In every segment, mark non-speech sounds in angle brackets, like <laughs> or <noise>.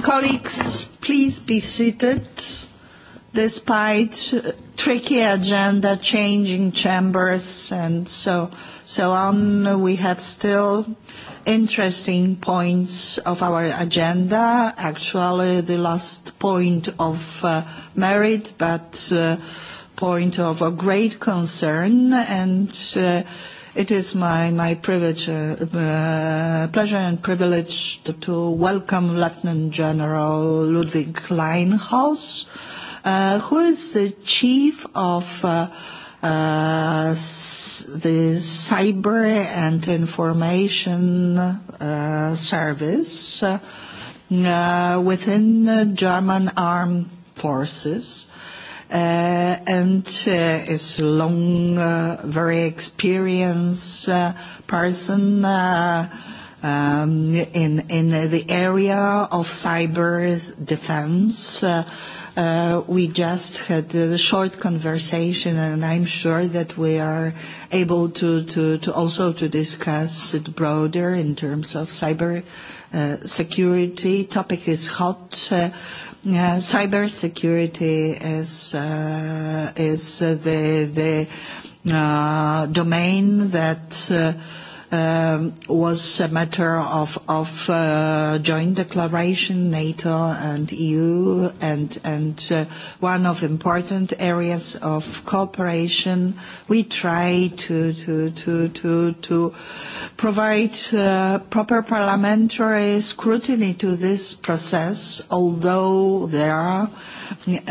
Colleagues, please be seated. Despite uh, tricky agenda, changing chambers, and so, so on, we have still interesting points of our agenda. Actually, the last point of uh, merit, but uh, point of a great concern. And. Uh, It is my privilege, uh, uh, pleasure and privilege to welcome Lieutenant General Ludwig Leinhaus, uh, who is the Chief of the Cyber and Information Service within the German Armed Forces. Uh, and uh, is long, uh, very experienced person um, in the area of cyber defense. We just had a short conversation, and I'm sure that we are able to also discuss it broader in terms of cyber security. Topic is hot. Uh, cybersecurity uh, is the uh, domain that Um, was a matter of, of uh, joint declaration, NATO and EU, and, and uh, one of important areas of cooperation. We try to, to, to, to, to provide uh, proper parliamentary scrutiny to this process, although there are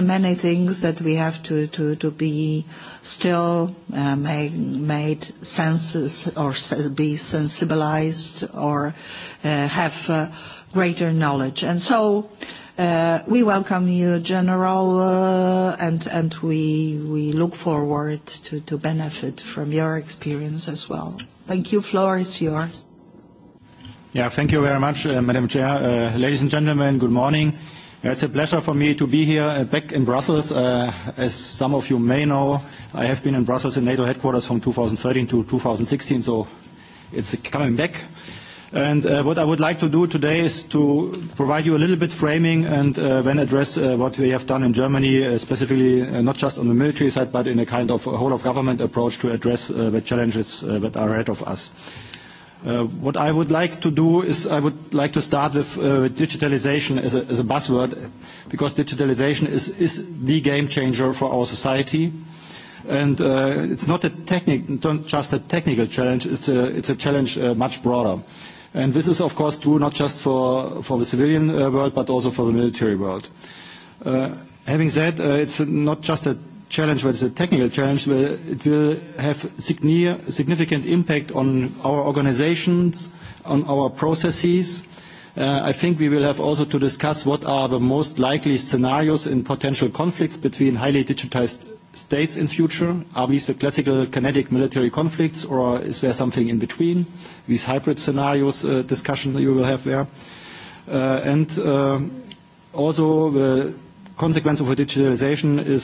many things that we have to, to, to be uh, still uh, may, made senses or be sensibilized or uh, have uh, greater knowledge. And so uh, we welcome you, General, uh, and, and we, we look forward to, to benefit from your experience as well. Thank you. Floor is yours. Yeah, thank you very much, uh, Madam Chair. Uh, ladies and gentlemen, good morning. Uh, It's a pleasure for me to be here uh, back in Brussels. Uh, as some of you may know, I have been in Brussels in NATO headquarters from 2013 to 2016, so it's coming back. And uh, what I would like to do today is to provide you a little bit framing and uh, then address uh, what we have done in Germany, uh, specifically uh, not just on the military side, but in a kind of whole-of-government approach to address uh, the challenges uh, that are ahead of us. Uh, Uh, what I would like to do is I would like to start with uh, digitalization as a, as a buzzword because digitalization is, is the game changer for our society. And uh, it's not a technic, just a technical challenge, it's a, it's a challenge uh, much broader. And this is, of course, true not just for, for the civilian uh, world, but also for the military world. Uh, having said, uh, it's not just a challenge, but it's a technical challenge. It will have significant impact on our organizations, on our processes. Uh, I think we will have also to discuss what are the most likely scenarios in potential conflicts between highly digitized states in future. Are these the classical kinetic military conflicts or is there something in between? These hybrid scenarios uh, discussion that you will have there. Uh, and uh, also the consequence of a digitalization is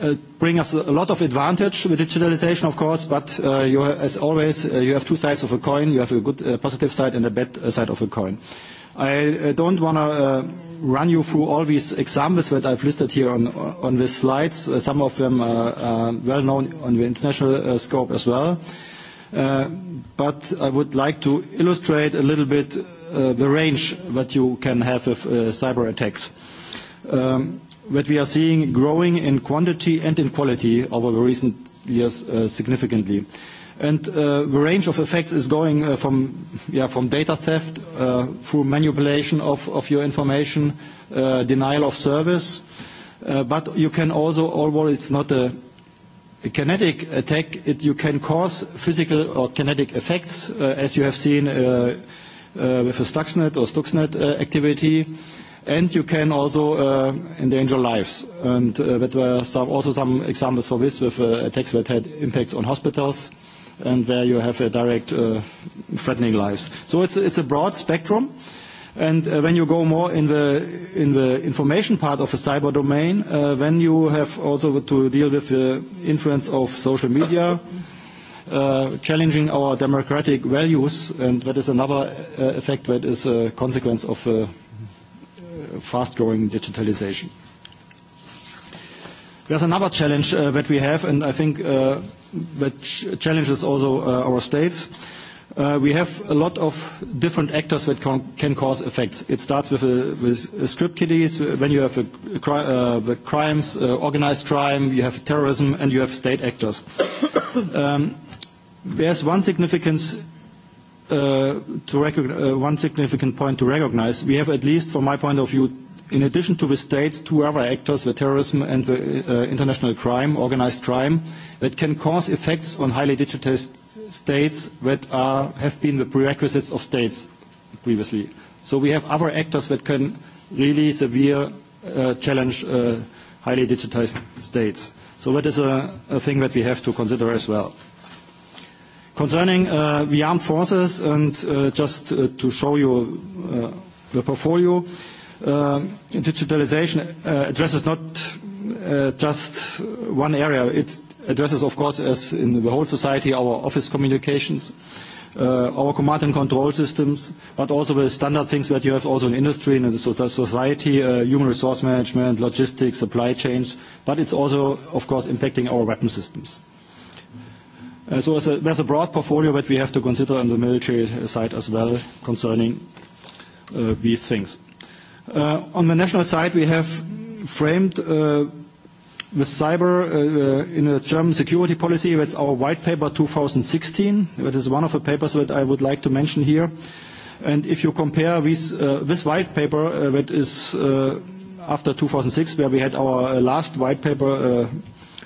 Uh, bring us a lot of advantage with digitalization, of course, but uh, you, as always, uh, you have two sides of a coin. You have a good positive side and a bad side of a coin. I don't wanna run you through all these examples that I've listed here on these slides. Some of them are well known on the international scope as well. I would like to illustrate a little bit the range that you can have with cyber attacks. Um, that we are seeing growing in quantity and in quality over the recent years uh, significantly. Uh, the range of effects is going uh, from data theft through manipulation of your information, denial of service. You can also, although it's not a kinetic attack, you can cause physical or kinetic effects, as you have seen with the Stuxnet or Stuxnet activity and you can also uh, endanger lives. And uh, that were also some examples for this with uh, attacks that had impacts on hospitals and where you have a direct threatening lives. So it's a broad spectrum. And when you go more in the information part of a cyber domain, then you have also to deal with the influence of social media challenging our democratic values. And that is another effect that is a consequence of fast-growing digitalization. There's another challenge uh, that we have, and I think uh, that ch challenges also uh, our states. Uh, we have a lot of different actors that can, can cause effects. It starts with, a, uh, with a uh, script kiddies, when you have a, a cri uh, the crimes, uh, organized crime, you have terrorism, and you have state actors. <coughs> um, there's one significance Uh, uh, one significant point to recognize. We have at least, from my point of view, in addition to the state, two other actors, the terrorism and the uh, international crime, organized crime, that can cause effects on highly digitized states that have been the prerequisites of states previously. We have other actors that can really severe challenge highly digitized states. That is a thing that we have to consider as well. Concerning uh, the armed forces, and uh, just uh, to show you uh, the portfolio, uh, digitalization uh, addresses not uh, just one area. It addresses, of course, as in the whole society, our office communications, uh, our command and control systems, but also the standard things that you have also in industry and in the society, uh, human resource management, logistics, supply chains, but it's also, of course, impacting our weapon systems. Uh, there's a broad portfolio that we have to consider on the military side as well concerning uh, these things. Uh, on the national side, we have framed the cyber in a German security policy. That's our white paper 2016. That is one of the papers that I would like to mention here. If you compare this white paper that is after 2006, where we had our last white paper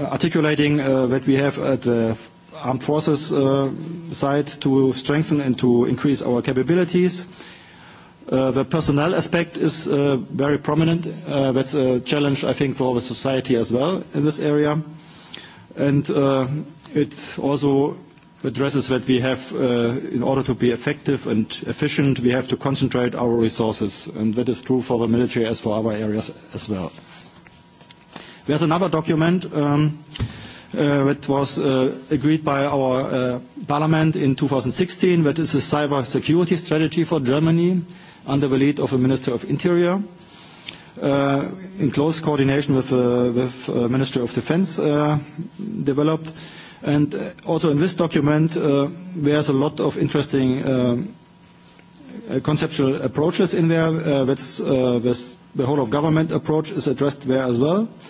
Uh, articulating uh, what we have at the armed forces uh, side to strengthen and to increase our capabilities. Uh, the personnel aspect is uh, very prominent. Uh, that's a challenge, I think, for the society as well in this area. And uh, it also addresses that we have, uh, in order to be effective and efficient, we have to concentrate our resources. And that is true for the military as for other areas as well. There's another document um, uh, that was uh, agreed by our uh, parliament in 2016 that is a cyber security strategy for Germany under the lead of the Minister of Interior uh, in close coordination with the uh, with, uh, Ministry of Defense uh, developed. And uh, also in this document, uh, there's a lot of interesting uh, uh, conceptual approaches in there. Uh, that's, uh, this, the whole of government approach is addressed there as well. Uh,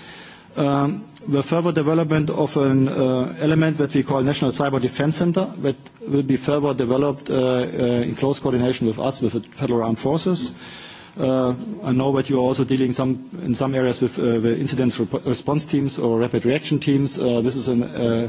um, the further development of an uh, element that we call National Cyber Defense Center that will be further developed uh, uh, in close coordination with us, with the Federal Armed Forces. Uh, I know that you are also dealing some, in some areas with uh, the incident rep response teams or rapid reaction teams. Uh, this is an uh,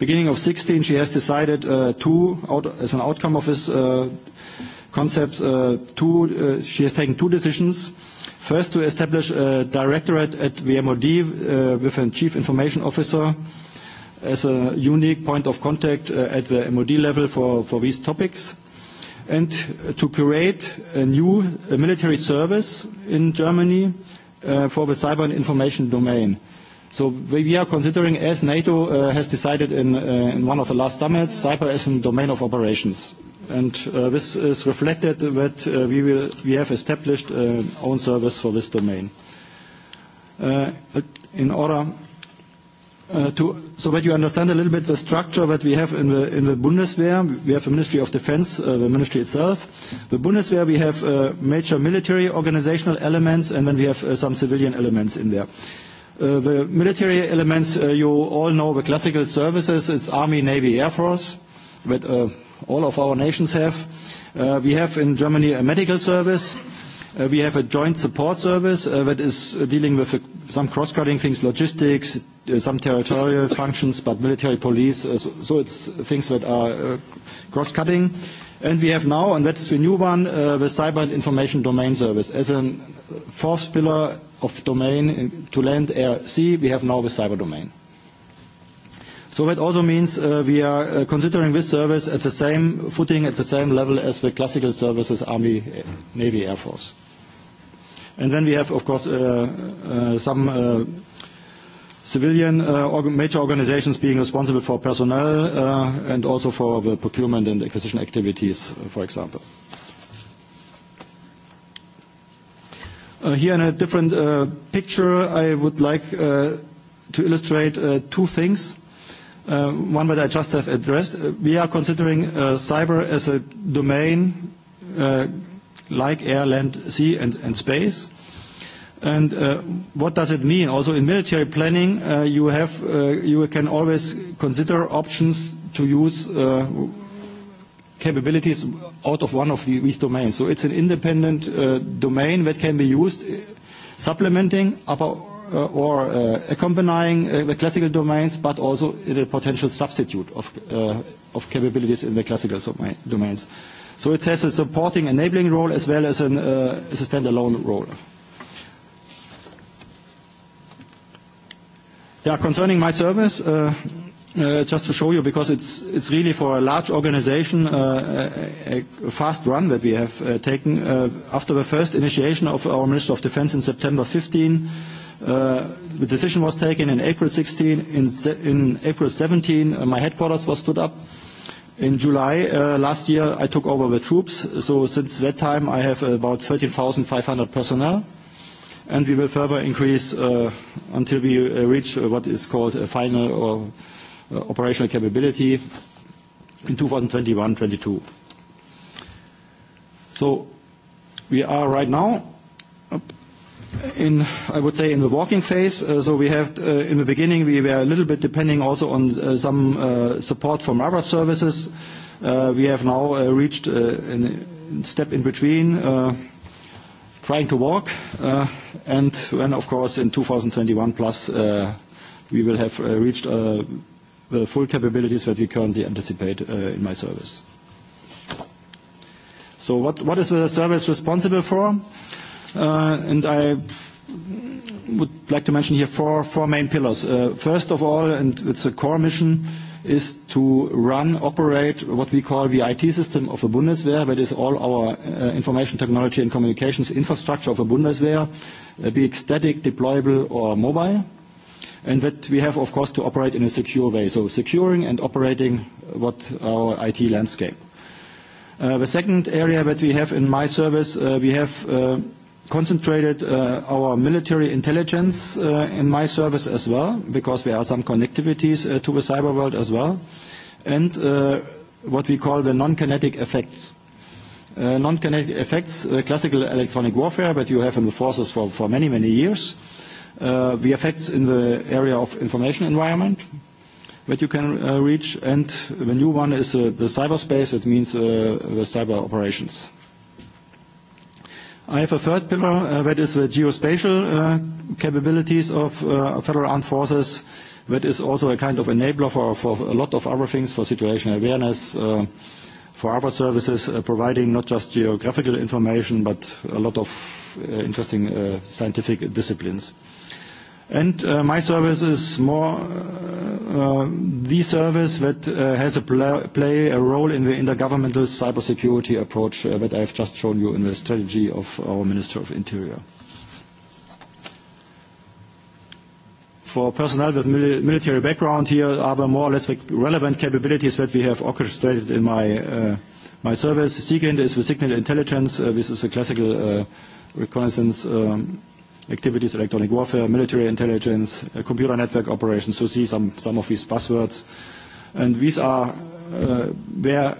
beginning of 16, she has decided uh, two, out, as an outcome of this uh, concept, uh, two, uh, she has taken two decisions. First, to establish a directorate at VMOD uh, with a chief information officer as a unique point of contact uh, at the MOD level for, for these topics and uh, to create a new a military service in Germany uh, for the cyber and information domain. We are considering, as NATO uh, has decided uh, in one of the last summits, cyber as a domain of operations. Uh, this is reflected that we have established our own service for this domain. In order to so that you understand a little bit the structure that we have in the Bundeswehr, we have a Ministry of Defense, the ministry itself. The Bundeswehr, we have major military organizational elements, and then we have some civilian elements in there. Uh, the military elements, uh, you all know the classical services. It's Army, Navy, Air Force, that uh, all of our nations have. We have in Germany a medical service. Uh, we have a joint support service uh, that is uh, dealing with uh, some cross-cutting things, logistics, uh, some territorial <laughs> functions, but military police. Uh, so, so it's things that are uh, cross-cutting. And we have now, and that's the new one, uh, the Cyber and Information Domain Service. As a fourth pillar of domain uh, to land, air, sea, we have now the cyber domain. That also means uh, we are uh, considering this service at the same footing, at the same level as the classical services, Army, uh, Navy, Air Force. Then we have, of course, some civilian major organizations being responsible for personnel and also for the procurement and acquisition activities, for example. Here in a different picture, I would like to illustrate two things. Uh, one that I just have addressed. Uh, we are considering uh, cyber as a domain like air, land, sea, and space. What does it mean? Also, in military planning, you have, you can always consider options to use capabilities out of one of these domains. It's an independent domain that can be used supplementing our Uh, or uh, accompanying uh, the classical domains, but also the potential substitute of capabilities in the classical domains. It has a supporting enabling role as well as a standalone role. Yeah, concerning my service, just to show you, because it's really for a large organization, a fast run that we have taken. After the first initiation of our Ministry of Defense in September 2015, Uh, the decision was taken in April 16. In, in April 17, uh, my headquarters was stood up. In July uh, last year, I took over the troops. So since that time, I have about 13,500 personnel. And we will further increase uh, until we uh, reach uh, what is called a final or, uh, operational capability in 2021-22. So we are right now in, I would say, in the walking phase. Uh, so we have, uh, in the beginning, we were a little bit depending also on uh, some support from other services. We have now reached a step in between, trying to walk. And then, of course, in 2021 plus, we will have reached the full capabilities that we currently anticipate in my service. So what is the service responsible for? Uh, and I would like to mention here four, four main pillars. Uh, first of all, and it's a core mission, is to run, operate what we call the IT system of a Bundeswehr, that is all our uh, information technology and communications infrastructure of a Bundeswehr, uh, be it static, deployable or mobile. And that we have, of course, to operate in a secure way. So securing and operating what our IT landscape. Uh, the second area that we have in my service, uh, we have uh, concentrated uh, our military intelligence uh, in my service as well, because there are some connectivities uh, to the cyber world as well, and uh, what we call the non-kinetic effects. Uh, non-kinetic effects, uh, classical electronic warfare that you have in the forces for, for many, many years, uh, the effects in the area of information environment that you can uh, reach, and the new one is uh, the cyberspace, which means uh, the cyber operations. I have a third pillar, uh, that is the geospatial uh, capabilities of uh, Federal Armed Forces. That is also a kind of enabler for a lot of other things, for situational awareness, for other services, providing not just geographical information, but a lot of interesting scientific disciplines. And uh, my service is more uh, uh, the service that has a play a role in the intergovernmental cybersecurity approach that I've just shown you in the strategy of our Minister of Interior. For personnel with military background, here are the more or less relevant capabilities that we have orchestrated in my my service. SIGINT is the signal intelligence. This is a classical reconnaissance um, activities, electronic warfare, military intelligence, uh, computer network operations. So see some, some of these buzzwords. And these are uh, where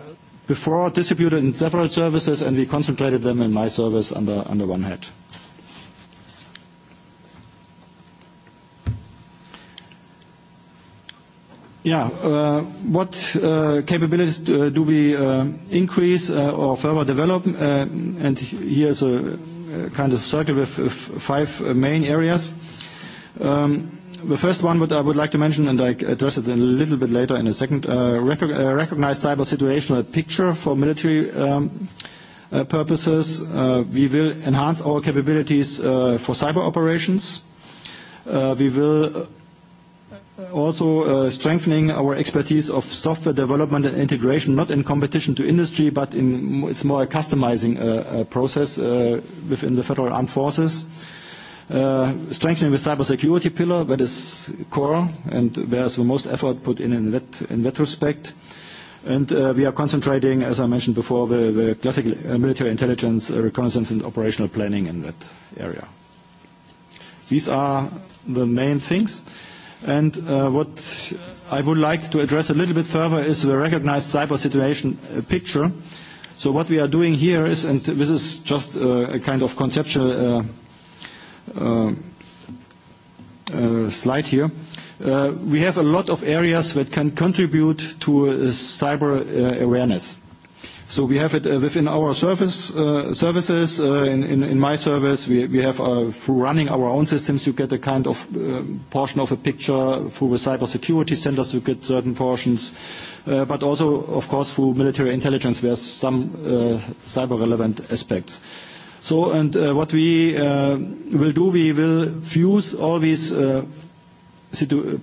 before distributed in several services, and we concentrated them in my service under, under one hat. Yeah. Uh, what uh, capabilities do uh, we increase or further develop? And here is a kind of circle with five main areas. Um, the first one what I would like to mention, and I address it a little bit later in a second, recognize cyber situational picture for military um, purposes. We will enhance our capabilities for cyber operations. We will also uh, strengthening our expertise of software development and integration, not in competition to industry, but it's more a customizing uh, uh, process within the Federal Armed Forces. Strengthening the cybersecurity pillar, that is core, and there's the most effort put in that respect. We are concentrating, as I mentioned before, the classic military intelligence, reconnaissance, and operational planning in that area. These are the main things. And uh, what I would like to address a little bit further is the recognized cyber situation uh, picture. So what we are doing here is, and this is just a, uh, a kind of conceptual uh, uh, uh, slide here, uh, we have a lot of areas that can contribute to uh, cyber uh, awareness. We have it uh, within our uh, services. Uh, in my service, we have through running our own systems, you get a kind of portion of a picture. Through the cybersecurity centers, you get certain portions. Also, of course, through military intelligence, there's some cyber-relevant aspects. What we will do, we will fuse all these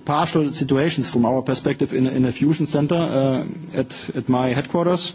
partial situations from our perspective in a fusion center at my headquarters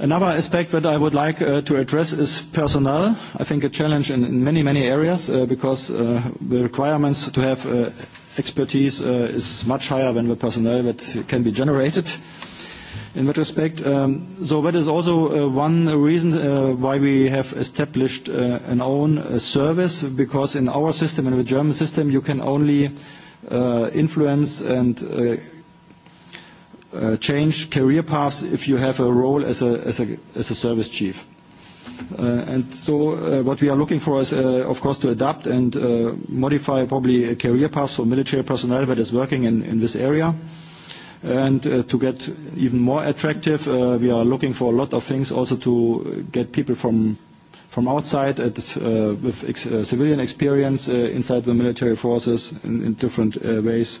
Another aspect that I would like uh, to address is personnel. I think a challenge in many, many areas uh, because uh, the requirements to have expertise is much higher than the personnel that can be generated in that respect. Um, that is also one reason why we have established an own service, because in our system, in the German system, you can only influence and Uh, change career paths if you have a role as a service chief. Uh, uh, what we are looking for is, of course, to adapt and modify probably career paths for military personnel that is working in this area. To get even more attractive, we are looking for a lot of things also to get people from outside with civilian experience inside the military forces in different ways.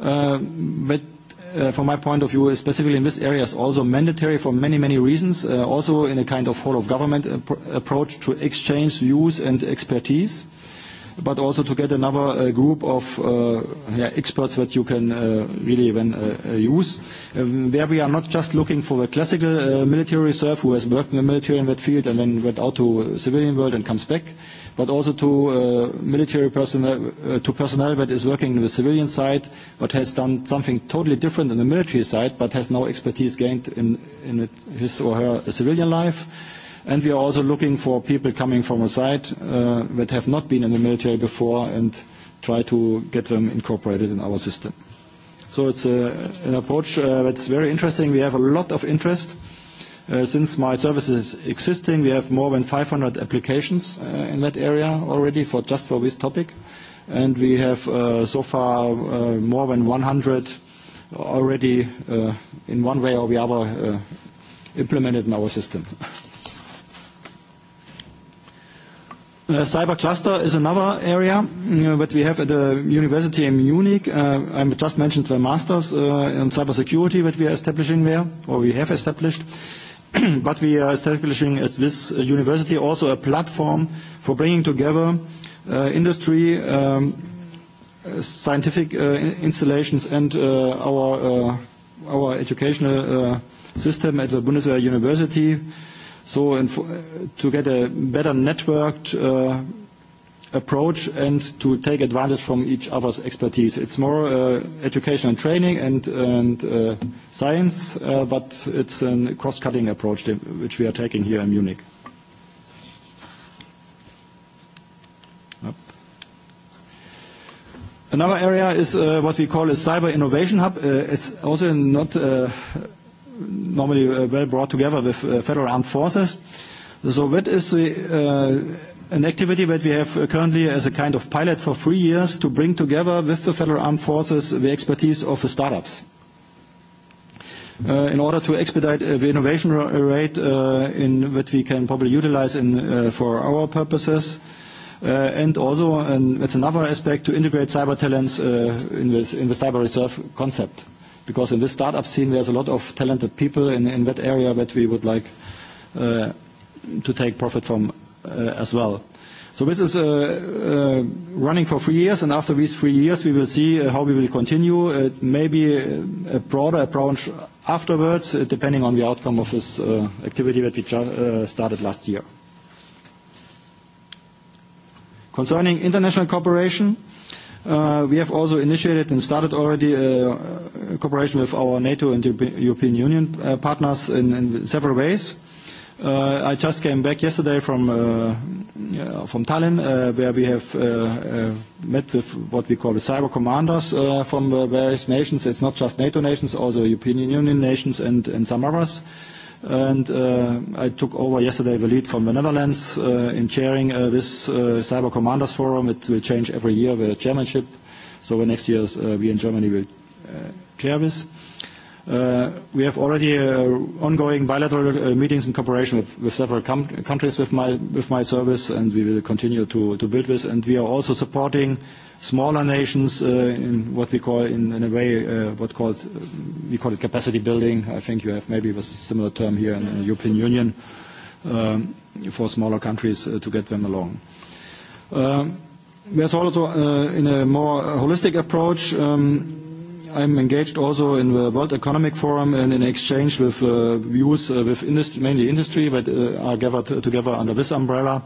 Uh, but uh, from my point of view, specifically in this area, is also mandatory for many, many reasons, uh, also in a kind of whole of government approach to exchange views and expertise but also to get another uh, group of uh, yeah, experts that you can uh, really then uh, uh, use. Um, there we are not just looking for the classical uh, military reserve who has worked in the military in that field and then went out to the civilian world and comes back, but also to uh, military personnel, uh, to personnel that is working in the civilian side but has done something totally different in the military side but has now expertise gained in, in his or her civilian life. And we are also looking for people coming from outside uh, that have not been in the military before and try to get them incorporated in our system. So it's uh, an approach uh, that's very interesting. We have a lot of interest. Since my service is existing, we have more than 500 applications in that area already for just for this topic. And we have so far more than 100 already in one way or the other implemented in our system. <laughs> Uh, cyber cluster is another area mm, uh, that we have at the university in Munich. Uh, I just mentioned the masters uh, in cybersecurity that we are establishing there, or we have established. <clears throat> but we are establishing at this university also a platform for bringing together uh, industry, um, scientific uh, installations, and uh, our, uh, our educational uh, system at the Bundeswehr University to get a better networked uh, approach and to take advantage from each other's expertise. It's more uh, education and training and uh, science, but it's a cross-cutting approach which we are taking here in Munich. Another area is what we call a cyber innovation hub. It's also not normally uh, well brought together with uh, federal armed forces. So that is the, uh, an activity that we have uh, currently as a kind of pilot for three years to bring together with the federal armed forces the expertise of the startups. Uh, in order to expedite uh, the innovation r- rate uh, in what we can probably utilize in, uh, for our purposes. Uh, and also, and that's another aspect, to integrate cyber talents uh, in, this, in the cyber reserve concept. Uh, because in this startup scene there's a lot of talented people in, in that area that we would like uh, to take profit from uh, as well. So this is uh, uh, running for three years, and after these three years, we will see uh, how we will continue. It uh, may be uh, a broader approach afterwards, uh, depending on the outcome of this uh, activity that we just, uh, started last year. Concerning international cooperation, uh, Uh, we have also initiated and started already uh, cooperation with our NATO and European Union uh, partners in several ways. I just came back yesterday from Tallinn, where we have met with what we call the cyber commanders from various nations. It's not just NATO nations, also European Union nations and some others and uh, I took over yesterday the lead from the Netherlands uh, in chairing uh, this uh, Cyber Commanders Forum. It will change every year the chairmanship, so the next year uh, we in Germany will uh, chair this. Uh, Uh, we have already uh, ongoing bilateral uh, meetings in cooperation with, with several com countries with my, with my service, and we will continue to, to build this. And we are also supporting smaller nations uh, in what we call, in, in a way, uh, what calls, we call it capacity building. I think you have maybe a similar term here in the European Union um, for smaller countries uh, to get them along. Um, there's also, uh, in a more holistic approach, um, I'm engaged also in the World Economic Forum and in exchange with uh, views uh, with indus mainly industry, but uh, are gathered together under this umbrella.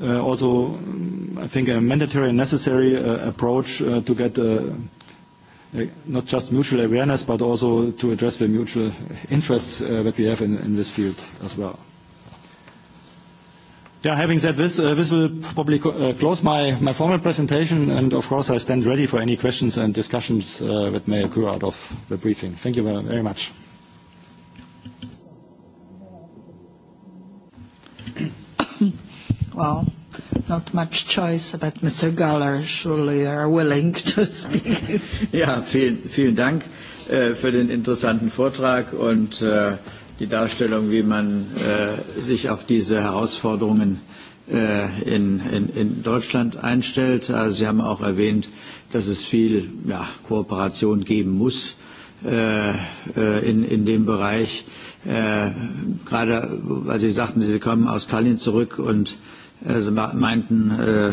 Uh, also, mm, I think a mandatory and necessary uh, approach uh, to get uh, uh, not just mutual awareness, but also to address the mutual interests uh, that we have in, in this field as well. Yeah, having said this, uh, this will probably co uh, close my, my formal presentation, and of course I stand ready for any questions and discussions uh, that may occur out of the briefing. Thank you very much. <coughs> Well, not much choice, but Mr. Galler, surely you are willing to <laughs> speak. <laughs> yeah, vielen, vielen Dank uh, für den interessanten Vortrag und uh, die Darstellung, wie man äh, sich auf diese Herausforderungen äh, in, in, in Deutschland einstellt. Also Sie haben auch erwähnt, dass es viel ja, Kooperation geben muss äh, äh in, in dem Bereich. Äh, gerade, weil Sie sagten, Sie kommen aus Tallinn zurück und äh, Sie meinten, äh,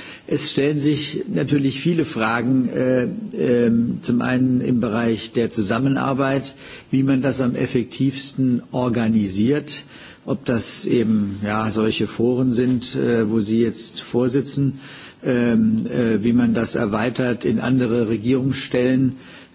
Es stellen sich natürlich viele Fragen, äh, äh, zum einen im Bereich der Zusammenarbeit, wie man das am effektivsten organisiert, ob das eben ja, solche Foren sind, äh, wo Sie jetzt vorsitzen, äh, äh, wie man das erweitert in andere Regierungsstellen. Äh,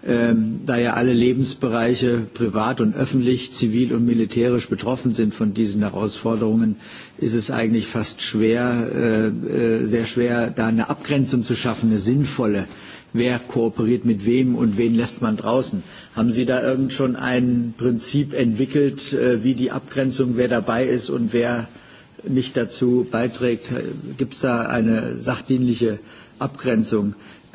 Ähm, da ja alle Lebensbereiche privat und öffentlich, zivil und militärisch betroffen sind von diesen Herausforderungen, ist es eigentlich fast schwer, äh, äh, sehr schwer, da eine Abgrenzung zu schaffen, eine sinnvolle. Wer kooperiert mit wem und wen lässt man draußen? Haben Sie da irgend schon ein Prinzip entwickelt, äh, wie die Abgrenzung, wer dabei ist und wer nicht dazu beiträgt? Gibt es da eine sachdienliche Abgrenzung?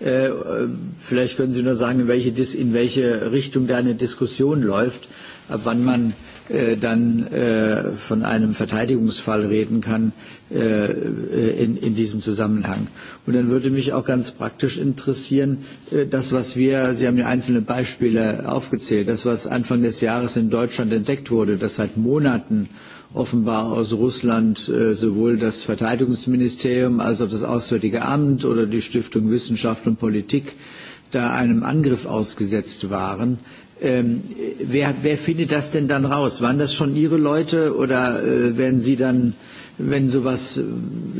Äh, vielleicht können Sie nur sagen, in welche, in welche Richtung da eine Diskussion läuft, ab wann man äh, dann äh, von einem Verteidigungsfall reden kann in, in diesem Zusammenhang. Und dann würde mich auch ganz praktisch interessieren, das, was wir, Sie haben ja einzelne Beispiele aufgezählt, das, was Anfang des Jahres in Deutschland entdeckt wurde, das seit Monaten äh, offenbar aus Russland äh, sowohl das Verteidigungsministerium als auch das Auswärtige Amt oder die Stiftung Wissenschaft und Politik da einem Angriff ausgesetzt waren. Ähm, wer, wer findet das denn dann raus? Waren das schon Ihre Leute oder äh, werden Sie dann, wenn sowas äh,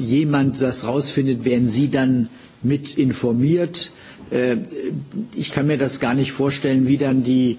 jemand das rausfindet, werden Sie dann mit informiert? Ich kann mir das gar nicht vorstellen, wie dann die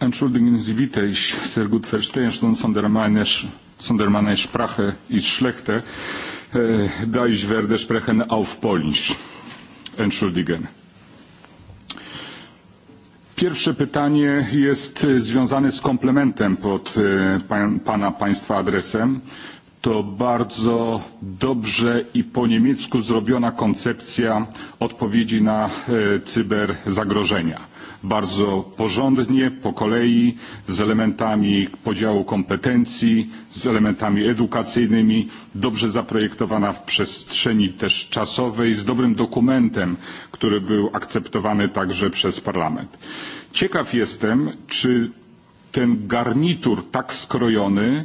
Entschuldigen Sie bitte, ich sehr gut verstehe schon, sondern meine, sondern meine Sprache ist schlechte, äh, eh, da ich werde sprechen auf Polnisch. Entschuldigen. Pierwsze pytanie jest e, związane z komplementem pod e, pan, Pana Państwa adresem. To bardzo dobrze i po niemiecku zrobiona koncepcja odpowiedzi na e, cyberzagrożenia. zagrożenia bardzo porządnie, po kolei, z elementami podziału kompetencji, z elementami edukacyjnymi, dobrze zaprojektowana w przestrzeni też czasowej, z dobrym dokumentem, który był akceptowany także przez Parlament. Ciekaw jestem, czy ten garnitur tak skrojony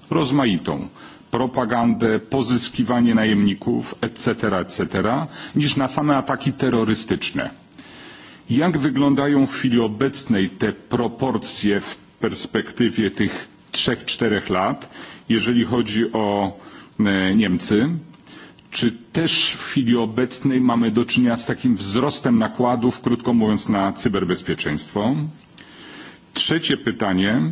rozmaitą propagandę, pozyskiwanie najemników, etc., etc., niż na same ataki terrorystyczne. Jak wyglądają w chwili obecnej te proporcje w perspektywie tych 3-4 lat, jeżeli chodzi o e, Niemcy? Czy też w chwili obecnej mamy do czynienia z takim wzrostem nakładów, krótko mówiąc, na cyberbezpieczeństwo? Trzecie pytanie.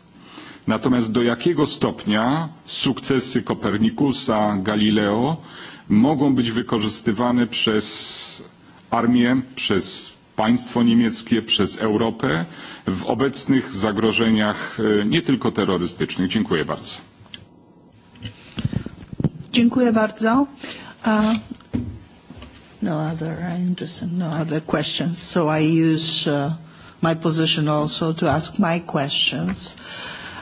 Natomiast do jakiego stopnia sukcesy Kopernikusa, Galileo mogą być wykorzystywane przez armię, przez państwo niemieckie, przez Europę w obecnych zagrożeniach e, nie tylko terrorystycznych? Dziękuję bardzo. Dziękuję bardzo. Uh, no other interesting, no other questions. So I use uh, my position also to ask my questions. Uh,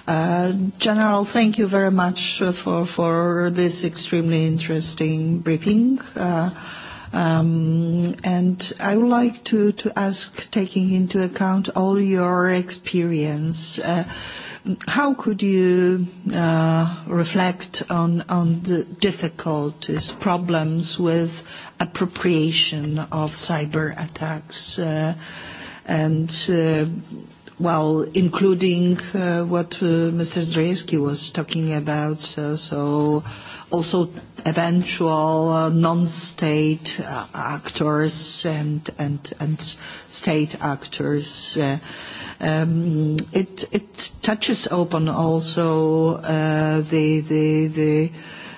Uh, General, thank you very much for, for this extremely interesting briefing. Uh, um, and I would like to, to ask, taking into account all your experience, uh, how could you uh, reflect on, on the difficulties, problems with appropriation of cyber attacks? Uh, and uh, Well, including uh, what uh, Mr. Strzelecki was talking about, so also eventual uh, non-state actors and state actors. Um, it touches upon also the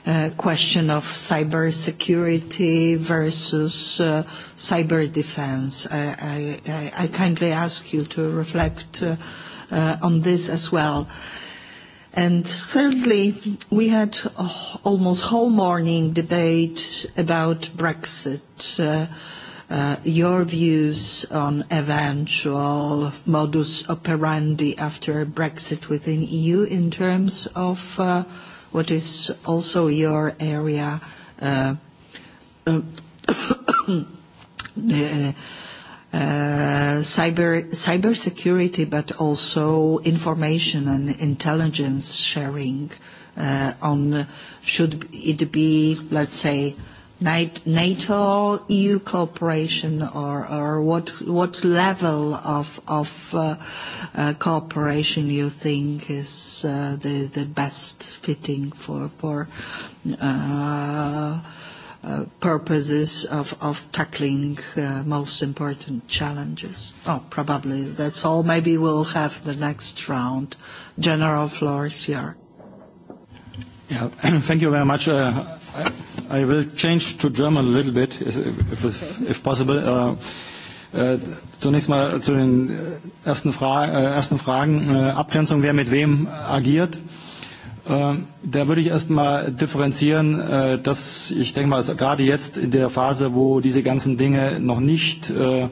Uh, question of cybersecurity versus uh, cyber defense. I, I, I kindly ask you to reflect uh, uh, on this as well. And thirdly, we had oh, almost whole morning debate about Brexit. Uh, uh, your views on eventual modus operandi after Brexit within EU in terms of uh, what is also your area uh, uh, <coughs> uh, cyber cyber security but also information and intelligence sharing uh, on should it be let's say uh, NATO-EU cooperation or what level of uh, uh, cooperation you think is uh, the best fitting for purposes of tackling most important challenges? Oh, probably that's all. Maybe we'll have the next round. General floor is yours. Yeah. <clears throat> Thank you very much, Anna I will change to German a little bit, if, if, okay. if possible. Uh, äh, zunächst mal zu den äh, ersten, Fra äh, ersten Fragen. Äh, Abgrenzung, wer mit wem agiert. Äh, da würde ich erst mal differenzieren, äh, dass ich denke mal, also gerade jetzt in der Phase, wo diese ganzen Dinge noch nicht äh,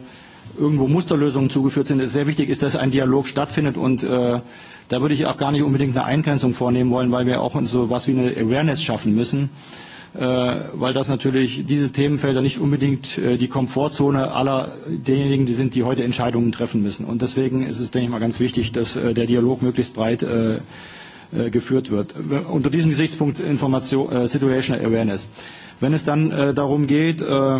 irgendwo Musterlösungen zugeführt sind, ist sehr wichtig, ist, dass ein Dialog stattfindet. Und äh, da würde ich auch gar nicht unbedingt eine Eingrenzung vornehmen wollen, weil wir auch so etwas wie eine Awareness schaffen müssen. Äh, äh, weil das natürlich diese Themenfelder nicht unbedingt äh, die Komfortzone aller derjenigen, die sind, die heute Entscheidungen treffen müssen. Und deswegen ist es, denke ich mal, ganz wichtig, dass äh, der Dialog möglichst breit äh, äh, geführt wird. Unter diesem Gesichtspunkt Information, äh, Situational Awareness. Wenn es dann äh, darum geht, äh,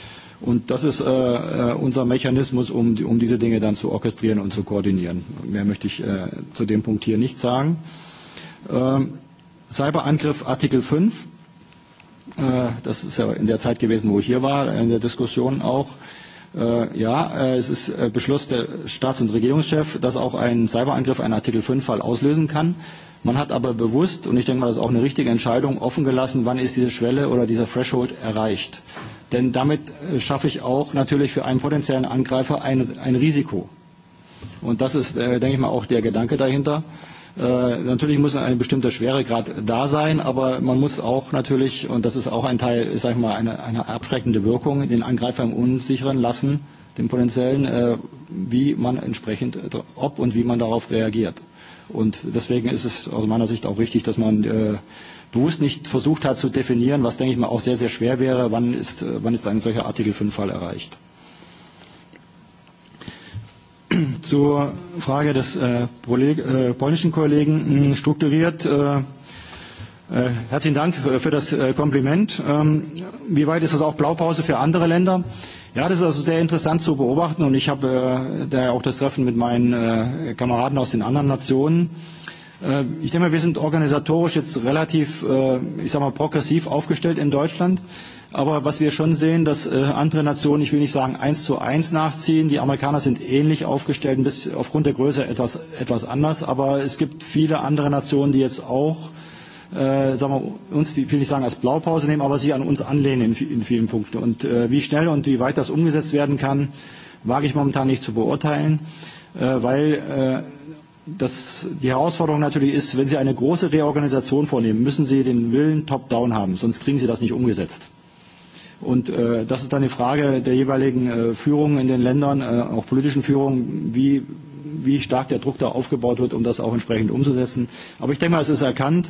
Und das ist äh, äh unser Mechanismus, um, um diese Dinge dann zu orchestrieren und zu koordinieren. Mehr möchte ich äh, zu dem Punkt hier nicht sagen. Äh, Cyberangriff Artikel 5. Äh, das ist ja in der Zeit gewesen, wo ich hier war, in der Diskussion auch. Äh, ja, äh, es ist äh, Beschluss der Staats- und Regierungschef, dass auch ein Cyberangriff einen Artikel 5-Fall auslösen kann. Man hat aber bewusst, und ich denke mal, das ist auch eine richtige Entscheidung, offen gelassen, wann ist diese Schwelle oder dieser Threshold erreicht. Denn damit äh, schaffe ich auch natürlich für einen potenziellen Angreifer ein, ein Risiko. Und das ist, äh, denke ich mal, auch der Gedanke dahinter. Äh, natürlich muss ein bestimmter Schweregrad da sein, aber man muss auch natürlich, und das ist auch ein Teil, sag ich mal, eine, eine abschreckende Wirkung, den Angreifer im Unsicheren lassen, den potenziellen, äh, wie man entsprechend, äh, ob und wie man darauf reagiert. Und deswegen ist es aus meiner Sicht auch richtig, dass man äh, bewusst nicht versucht hat zu definieren, was, denke ich mal, auch sehr, sehr schwer wäre, wann ist, wann ist ein solcher Artikel 5-Fall erreicht. Zur Frage des äh, äh polnischen Kollegen hm, strukturiert. Äh, äh, herzlichen Dank äh, für das äh, Kompliment. Ähm, wie weit ist das auch Blaupause für andere Länder? Ja, das ist also sehr interessant zu beobachten und ich habe äh, da auch das Treffen mit meinen äh, Kameraden aus den anderen Nationen. Äh, Äh, ich denke mal, wir sind organisatorisch jetzt relativ, äh, ich sag mal, progressiv aufgestellt in Deutschland. Aber was wir schon sehen, dass äh, andere Nationen, ich will nicht sagen eins zu eins nachziehen, die Amerikaner sind ähnlich aufgestellt, ein bisschen aufgrund der Größe etwas, etwas anders. Aber es gibt viele andere Nationen, die jetzt auch, äh, sagen wir, uns, die, will ich sagen, als Blaupause nehmen, aber sie an uns anlehnen in, in vielen Punkten. Und äh, wie schnell und wie weit das umgesetzt werden kann, wage ich momentan nicht zu beurteilen, äh, weil äh, das, die Herausforderung natürlich ist, wenn Sie eine große Reorganisation vornehmen, müssen Sie den Willen top-down haben, sonst kriegen Sie das nicht umgesetzt. Und äh, das ist dann die Frage der jeweiligen äh, Führung in den Ländern, äh, auch politischen Führung, wie, wie stark der Druck da aufgebaut wird, um das auch entsprechend umzusetzen. Aber ich denke mal, es ist erkannt,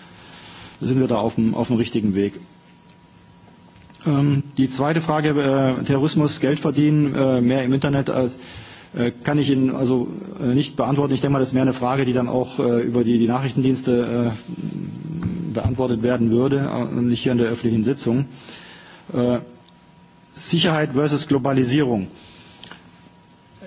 sind wir da auf dem, auf dem richtigen Weg. Ähm, die zweite Frage, äh, Terrorismus, Geld verdienen, äh, mehr im Internet, als, äh, kann ich Ihnen also äh, nicht beantworten. Ich denke mal, das ist mehr eine Frage, die dann auch äh, über die, die Nachrichtendienste äh, beantwortet werden würde, äh, nicht hier in der öffentlichen Sitzung. Äh, Sicherheit versus Globalisierung. Äh,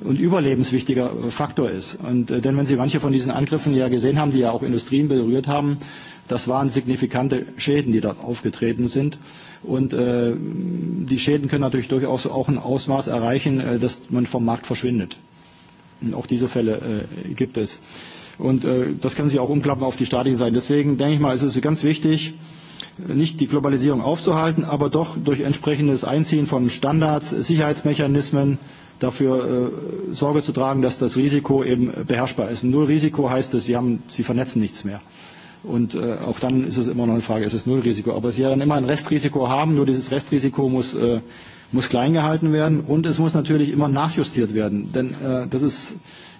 und überlebenswichtiger Faktor ist. Und äh, denn wenn Sie manche von diesen Angriffen ja gesehen haben, die ja auch Industrien berührt haben, das waren signifikante Schäden, die dort aufgetreten sind. Und äh, die Schäden können natürlich durchaus auch ein Ausmaß erreichen, äh, dass man vom Markt verschwindet. Und auch diese Fälle äh, gibt es. Und äh, das kann sich auch umklappen auf die Staatlichen sein. Deswegen denke ich mal, ist es ist ganz wichtig, nicht die Globalisierung aufzuhalten, aber doch durch entsprechendes Einziehen von Standards, Sicherheitsmechanismen, dafür äh, Sorge zu tragen, dass das Risiko eben beherrschbar ist. Null Risiko heißt es, sie, haben, sie vernetzen nichts mehr. Und äh, auch dann ist es immer noch eine Frage, ist es Null Risiko. Aber sie werden immer ein Restrisiko haben, nur dieses Restrisiko muss, äh, muss klein gehalten werden und es muss natürlich immer nachjustiert werden. Denn äh, das ist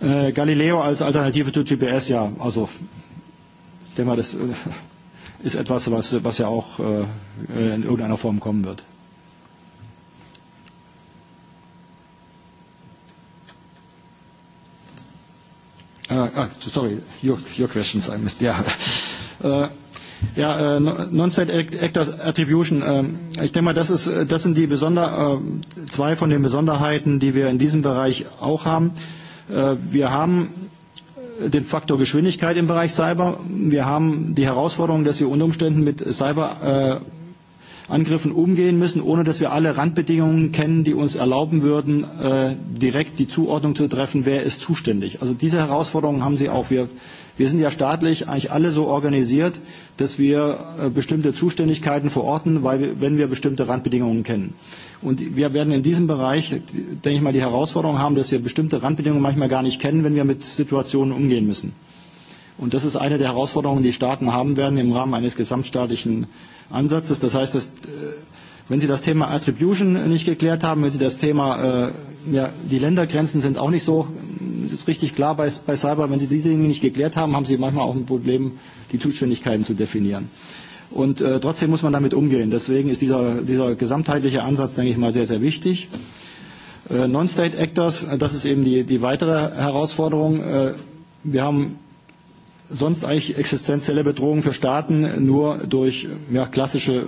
Äh, Galileo als Alternative zu GPS, ja, also ich denke mal, das äh, ist etwas, was, was ja auch äh, in irgendeiner Form kommen wird. Uh, uh, sorry, your, your questions, I missed. Yeah. Uh, ja, uh, Non-State Actors Attribution. Uh, ich denke mal, das, ist, das sind die besonder, uh, zwei von den Besonderheiten, die wir in diesem Bereich auch haben. Uh, Äh, wir haben den Faktor Geschwindigkeit im Bereich Cyber. Wir haben die Herausforderung, dass wir unter Umständen mit Cyberangriffen äh, umgehen müssen, ohne dass wir alle Randbedingungen kennen, die uns erlauben würden, äh, direkt die Zuordnung zu treffen, wer ist zuständig. Also diese Herausforderungen haben Sie auch. Wir Wir sind ja staatlich eigentlich alle so organisiert, dass wir äh, bestimmte Zuständigkeiten verorten, weil wir, wenn wir bestimmte Randbedingungen kennen. Und wir werden in diesem Bereich, denke ich mal, die Herausforderung haben, dass wir bestimmte Randbedingungen manchmal gar nicht kennen, wenn wir mit Situationen umgehen müssen. Und das ist eine der Herausforderungen, die Staaten haben werden im Rahmen eines gesamtstaatlichen Ansatzes. Das heißt, dass, äh, wenn Sie das Thema Attribution nicht geklärt haben, wenn Sie das Thema, äh, ja, die Ländergrenzen sind auch nicht so das ist richtig klar bei, bei Cyber, wenn Sie diese Dinge nicht geklärt haben, haben Sie manchmal auch ein Problem, die Zuständigkeiten zu definieren. Und äh, trotzdem muss man damit umgehen. Deswegen ist dieser, dieser gesamtheitliche Ansatz, denke ich mal, sehr, sehr wichtig. Äh, Non-State Actors, das ist eben die, die weitere Herausforderung. Äh, wir haben sonst eigentlich existenzielle Bedrohungen für Staaten nur durch ja, klassische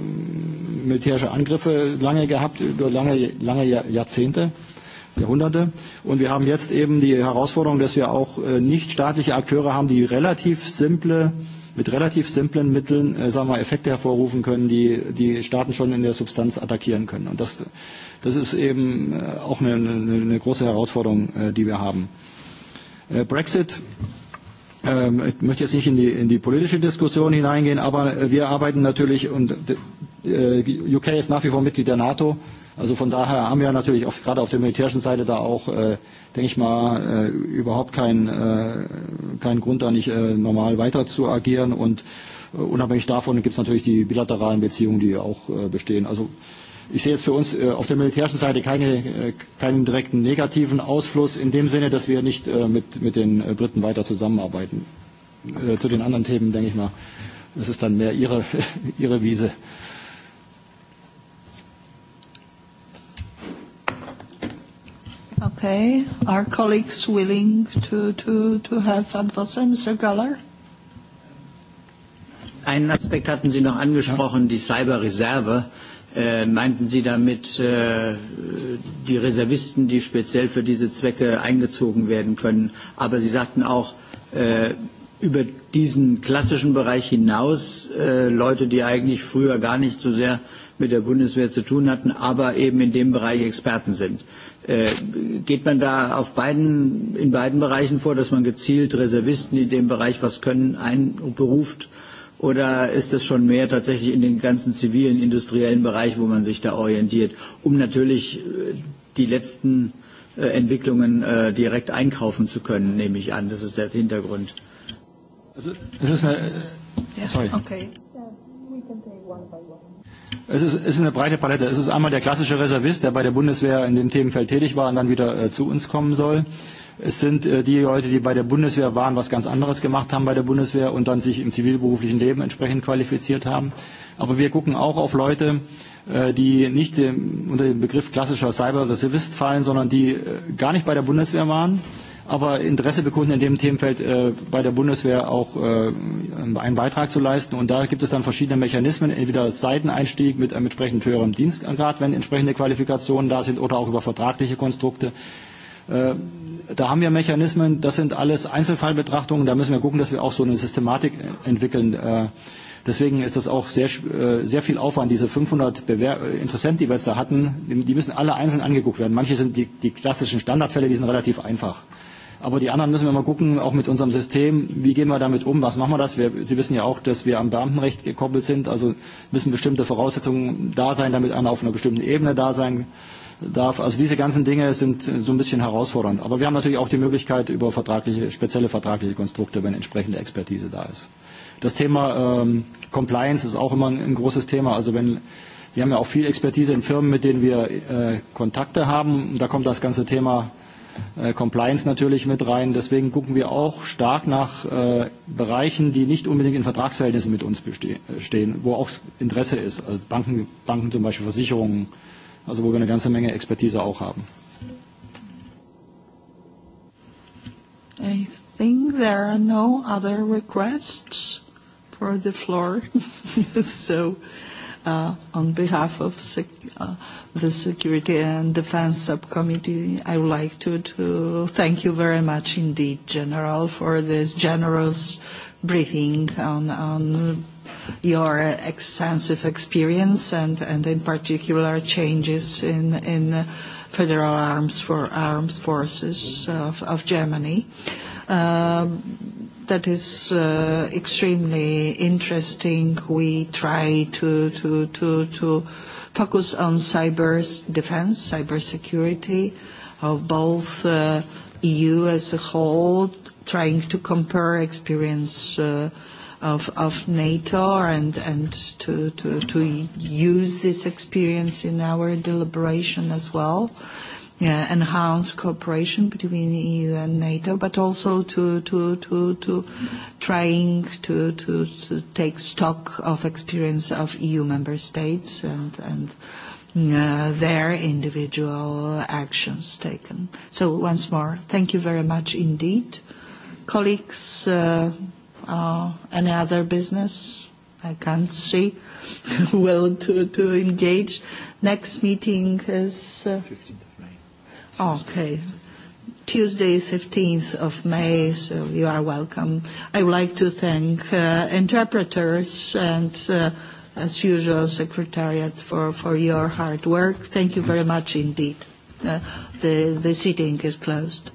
militärische Angriffe lange gehabt, über lange, lange Jahrzehnte. Äh, Jahrhunderte. Und wir haben jetzt eben die Herausforderung, dass wir auch äh, nicht staatliche Akteure haben, die relativ simple, mit relativ simplen Mitteln äh, sagen wir, Effekte hervorrufen können, die die Staaten schon in der Substanz attackieren können. Und das, das ist eben äh, auch eine, eine, eine große Herausforderung, die wir haben. Brexit. Ähm, ich möchte jetzt nicht in die, in die politische Diskussion hineingehen, aber wir arbeiten natürlich und UK ist nach wie vor Mitglied der NATO. Also von daher haben wir natürlich auch gerade auf der militärischen Seite da auch, äh, denke ich mal, äh, überhaupt keinen äh, kein Grund, da nicht äh, normal weiter zu agieren. Und äh, unabhängig davon gibt es natürlich die bilateralen Beziehungen, die auch äh, bestehen. Also ich sehe jetzt für uns äh, auf der militärischen Seite keine, äh, keinen direkten negativen Ausfluss in dem Sinne, dass wir nicht äh, mit, mit den äh, Briten weiter zusammenarbeiten. Äh, zu den anderen Themen, denke ich mal, das ist dann mehr ihre, <laughs> ihre Wiese. Okay. Are colleagues willing to, to, to have answers, Mr. Geller? Einen Aspekt hatten Sie noch angesprochen, ja. die Cyberreserve. Äh, meinten Sie damit äh, die Reservisten, die speziell für diese Zwecke eingezogen werden können? Aber Sie sagten auch äh, über diesen klassischen Bereich hinaus äh, Leute, die eigentlich früher gar nicht so sehr mit der Bundeswehr zu tun hatten, aber eben in dem Bereich Experten sind. Äh, Äh, geht man da auf beiden, in beiden Bereichen vor, dass man gezielt Reservisten in dem Bereich was können einberuft? Oder ist es schon mehr tatsächlich in den ganzen zivilen, industriellen Bereich, wo man sich da orientiert, um natürlich äh, die letzten äh, Entwicklungen direkt einkaufen zu können, nehme ich an. Das ist der Hintergrund. Also, das ist eine, ja, sorry. Okay. Es ist, es ist eine breite Palette. Es ist einmal der klassische Reservist, der bei der Bundeswehr in dem Themenfeld tätig war und dann wieder äh, zu uns kommen soll. Es sind äh, die Leute, die bei der Bundeswehr waren, was ganz anderes gemacht haben bei der Bundeswehr und dann sich im zivilberuflichen Leben entsprechend qualifiziert haben. Aber wir gucken auch auf Leute, äh, die nicht dem, unter den Begriff klassischer Cyber-Reservist fallen, sondern die äh, gar nicht bei der Bundeswehr waren aber Interesse bekunden in dem Themenfeld äh, bei der Bundeswehr auch äh, einen Beitrag zu leisten. Und da gibt es dann verschiedene Mechanismen, entweder Seiteneinstieg mit einem entsprechend höherem Dienstgrad, wenn entsprechende Qualifikationen da sind, oder auch über vertragliche Konstrukte. Äh, da haben wir Mechanismen, das sind alles Einzelfallbetrachtungen, da müssen wir gucken, dass wir auch so eine Systematik entwickeln. Äh, deswegen ist das auch sehr, äh, sehr viel Aufwand, diese 500 Bewer Interessenten, die wir jetzt da hatten, die müssen alle einzeln angeguckt werden. Manche sind die, die klassischen Standardfälle, die sind relativ einfach. Aber die anderen müssen wir mal gucken, auch mit unserem System, wie gehen wir damit um, was machen wir das? Wir, Sie wissen ja auch, dass wir am Beamtenrecht gekoppelt sind, also müssen bestimmte Voraussetzungen da sein, damit einer auf einer bestimmten Ebene da sein darf. Also diese ganzen Dinge sind so ein bisschen herausfordernd. Aber wir haben natürlich auch die Möglichkeit über vertragliche, spezielle vertragliche Konstrukte, wenn entsprechende Expertise da ist. Das Thema ähm, Compliance ist auch immer ein, ein großes Thema. Also wenn wir haben ja auch viel Expertise in Firmen, mit denen wir äh, Kontakte haben. Da kommt das ganze Thema Äh, Compliance natürlich mit rein. Deswegen gucken wir auch stark nach äh, Bereichen, die nicht unbedingt in Vertragsverhältnissen mit uns äh, stehen, wo auch Interesse ist. Also Banken, Banken zum Beispiel, Versicherungen, also wo wir eine ganze Menge Expertise auch haben. I think there are no other requests for the floor. <laughs> so uh, on behalf of sec- uh, the Security and Defense Subcommittee, I would like to, to thank you very much indeed, General, for this generous briefing on, on your extensive experience and, and in particular changes in, in federal arms for arms forces of, of Germany. Uh, that is uh, extremely interesting. We try to, to, to, to focus on cyber defense, cyber security of both uh, EU as a whole, trying to compare experience uh, of, of NATO and, and to, to, to use this experience in our deliberation as well. Uh, enhance cooperation between EU and NATO, but also to, to, to, to trying to, to, to take stock of experience of EU member states and, and uh, their individual actions taken. So once more, thank you very much indeed. Colleagues, uh, uh, any other business? I can't see <laughs> will to, to engage. Next meeting is... Uh, 15th. Okay. Tuesday, 15th of May, so you are welcome. I would like to thank uh, interpreters and, uh, as usual, secretariat for, for your hard work. Thank you very much indeed. Uh, the, the sitting is closed.